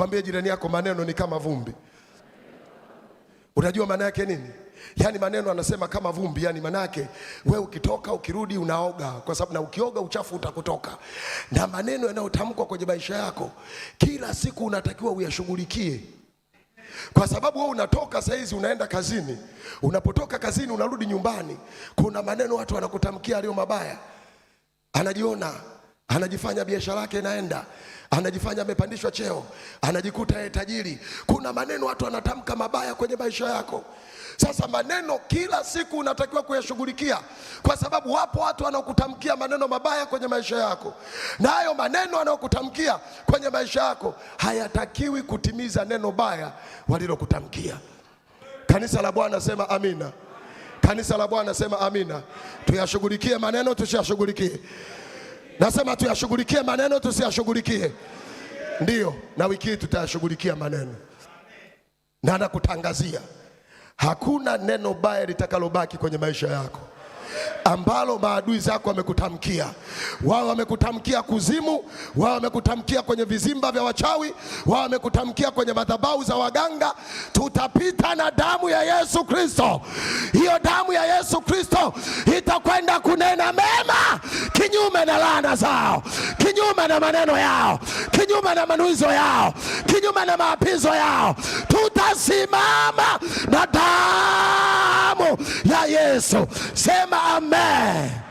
Mwambie jirani yako maneno ni kama vumbi. Unajua maana yake nini? Yaani maneno anasema kama vumbi, yaani maana yake wewe ukitoka ukirudi unaoga, kwa sababu na ukioga uchafu utakutoka. Na maneno yanayotamkwa kwenye maisha yako kila siku unatakiwa uyashughulikie, kwa sababu wewe unatoka saizi unaenda kazini, unapotoka kazini unarudi nyumbani, kuna maneno watu wanakutamkia aliyo mabaya, anajiona anajifanya biashara yake inaenda, anajifanya amepandishwa cheo, anajikuta yeye tajiri. Kuna maneno watu wanatamka mabaya kwenye maisha yako. Sasa maneno kila siku unatakiwa kuyashughulikia, kwa sababu wapo watu wanaokutamkia maneno mabaya kwenye maisha yako, na hayo maneno wanaokutamkia kwenye maisha yako hayatakiwi kutimiza neno baya walilokutamkia. Kanisa la Bwana sema amina. Kanisa la Bwana sema amina. Tuyashughulikie maneno, tushashughulikie Nasema tuyashughulikie maneno, tusiyashughulikie? Ndiyo, na wiki hii tutayashughulikia maneno, na nakutangazia hakuna neno baya litakalobaki kwenye maisha yako ambalo maadui zako wamekutamkia. Wao wamekutamkia kuzimu, wao wamekutamkia kwenye vizimba vya wachawi, wao wamekutamkia kwenye madhabahu za waganga. Tutapita na damu ya Yesu Kristo. Hiyo damu ya Yesu Kristo itakwenda kunena mema kinyume na laana zao, kinyume na maneno yao, kinyume na manuizo yao, kinyume na maapizo yao. Tutasimama na damu ya Yesu. Sema amen.